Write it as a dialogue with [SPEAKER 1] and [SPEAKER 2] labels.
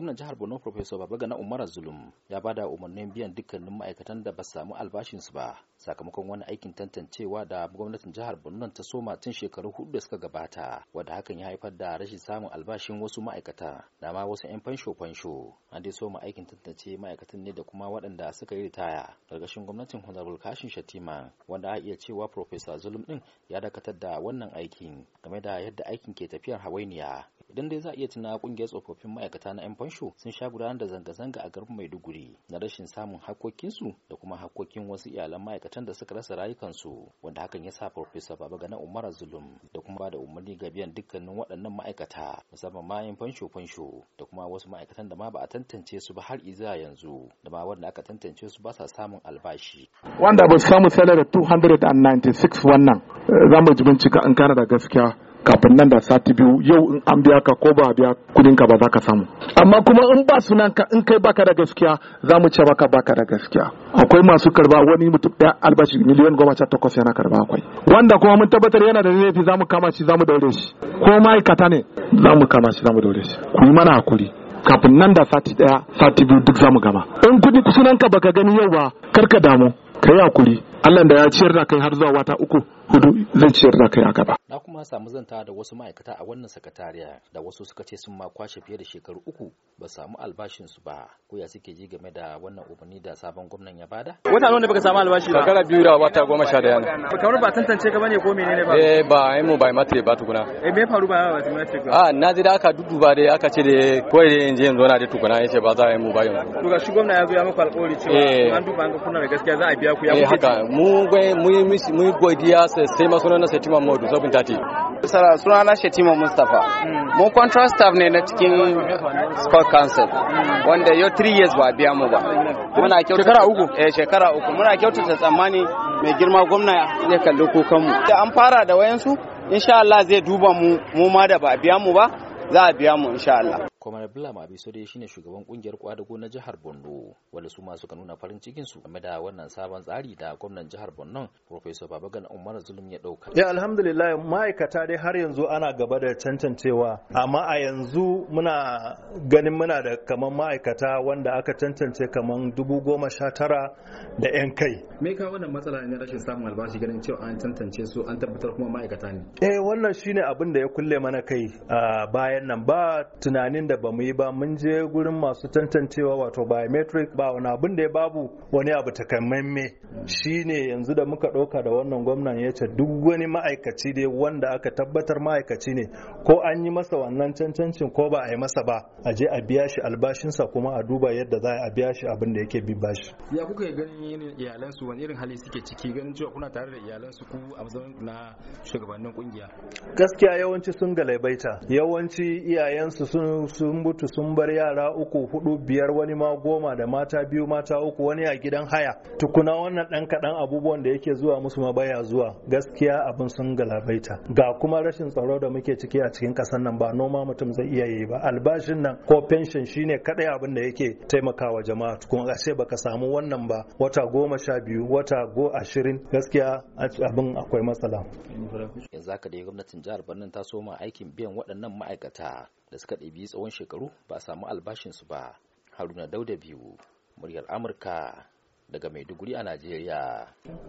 [SPEAKER 1] gwamnan jihar borno professor babagana umar zulum ya bada umarnin biyan dukkanin ma'aikatan da ba samu albashinsu ba sakamakon wani aikin tantancewa da gwamnatin jihar borno ta soma tun shekaru hudu da suka gabata wanda hakan ya haifar da rashin samun albashin wasu ma'aikata da ma wasu 'yan fansho fansho an dai soma aikin tantance ma'aikatan ne da kuma waɗanda suka yi ritaya ƙarƙashin gwamnatin honorable kashin shatima wanda a iya cewa professor zulum din ya dakatar da wannan aikin game da yadda aikin ke tafiyar hawainiya idan dai za a iya tuna kungiyar tsofaffin ma'aikata na 'yan fansho sun sha gudanar da zanga-zanga a garin maiduguri na rashin samun hakokinsu da kuma hakokin wasu iyalan ma'aikatan da suka rasa rayukansu wanda hakan ya sa farfesa baba gana umar zulum da kuma da umarni ga biyan dukkanin waɗannan ma'aikata musamman ma 'yan fansho-fansho da kuma wasu ma'aikatan da ma ba a tantance su ba har izuwa yanzu da ma wanda aka tantance su ba sa samun albashi.
[SPEAKER 2] wanda ba su samu salari 296 wannan eh, za mu ji bincika an kana da gaskiya kafin nan da sati biyu yau in an biya ka ko ba biya kudin ka ba za ka samu amma kuma in ba sunan ka in kai baka da gaskiya za mu ce baka baka da gaskiya akwai masu karba wani mutum daya albashi miliyan goma sha takwas yana karba akwai wanda kuma mun tabbatar yana da laifi za mu kama shi za mu daure shi ko ma'aikata ne za mu kama shi za mu daure shi ku yi mana hakuri kafin nan da sati daya sati biyu duk za mu gama in kudi sunan ka baka gani yau ba kar ka damu ka yi hakuri Allah da ya ciyar da kai har zuwa wata uku hudu zai ciyar da kai a gaba.
[SPEAKER 1] Na kuma samu zanta da wasu ma'aikata a wannan sakatariya da wasu suka ce sun ma kwashe fiye da shekaru uku ba samu albashinsu ba. Ko ya suke ji game da wannan umarni da sabon gwamnan ya bada? Wata ne baka samu albashi ba? Shekara biyu da wata goma sha daya. Kamar ba tantance ka bane ko menene ba? Eh
[SPEAKER 2] ba ai mu bai mate ba tukuna.
[SPEAKER 1] Eh me faru ba ba mate ba?
[SPEAKER 2] Ah na ji da aka dudduba dai aka ce da koi dai in je yanzu na da tukuna yace ba za a yi mu ba yanzu.
[SPEAKER 1] To ga shi gwamna ya zo ya maka alƙawari cewa eh. an duba an ga kuna da gaskiya za a biya ku ya kuke.
[SPEAKER 2] Eh, mu mun godiya sai masuna na Setima Modu Zobin Tati.
[SPEAKER 1] Sara na Shetima Mustapha. Hmm. Mu contract staff ne na cikin sport Council hmm. wanda yau 3 years ba biya mu ba. Muna shekara uku. Eh shekara uku. Muna kyautata tsammani mai girma gwamna ya kalli kukan mu. Da an fara da wayansu insha Allah zai duba mu mu ma da ba biya mu ba za a biya mu insha Allah. Kwamar Bula dai shine shugaban kungiyar kwadago na jihar Borno, wanda su ma suka nuna farin cikin su game da wannan sabon tsari da gwamnan jihar Borno Professor Babagan Umar Zulum ya dauka.
[SPEAKER 3] Ya alhamdulillah ma'aikata dai har yanzu ana gaba da cancancewa, amma a yanzu muna ganin muna da kaman ma'aikata wanda aka cancance kaman dubu goma sha tara da yan kai.
[SPEAKER 1] Me ka wannan matsala ne rashin samun albashi ganin cewa an cancance su an tabbatar kuma ma'aikata ne?
[SPEAKER 3] Eh wannan shine abin da ya kulle mana kai bayan nan ba tunanin da ba mu yi ba mun je gurin masu tantancewa wato biometric ba wani abin da ya babu wani abu takamaimai shine yanzu da muka ɗauka da wannan gwamnan ya ce duk wani ma'aikaci dai wanda aka tabbatar ma'aikaci ne ko an yi masa wannan cancancin ko ba a yi masa ba a je a biya shi albashinsa kuma a duba yadda za a biya shi abin da yake bi bashi
[SPEAKER 1] ya kuka yi ganin yin iyalansu wani irin hali suke ciki ganin cewa kuna tare da iyalansu ku a matsayin na shugabannin kungiya
[SPEAKER 3] gaskiya yawanci sun galabaita yawanci iyayensu sun sun mutu sun bar yara uku hudu biyar wani ma goma da mata biyu mata uku wani a gidan haya tukuna wannan dan kaɗan abubuwan da yake zuwa musu ma baya zuwa gaskiya abin sun galabaita ga kuma rashin tsaro da muke ciki a cikin ƙasar nan ba noma mutum zai iya yi ba albashin nan ko pension shine kadai abin da yake taimakawa jama'a kuma ga ce baka samu wannan ba wata goma sha biyu wata go ashirin gaskiya abin akwai matsala
[SPEAKER 1] yanzu haka dai gwamnatin jihar Borno ta soma aikin biyan waɗannan ma'aikata da suka ɗabi tsawon shekaru ba a samu albashinsu ba haruna dauda biyu muryar amurka daga maiduguri a najeriya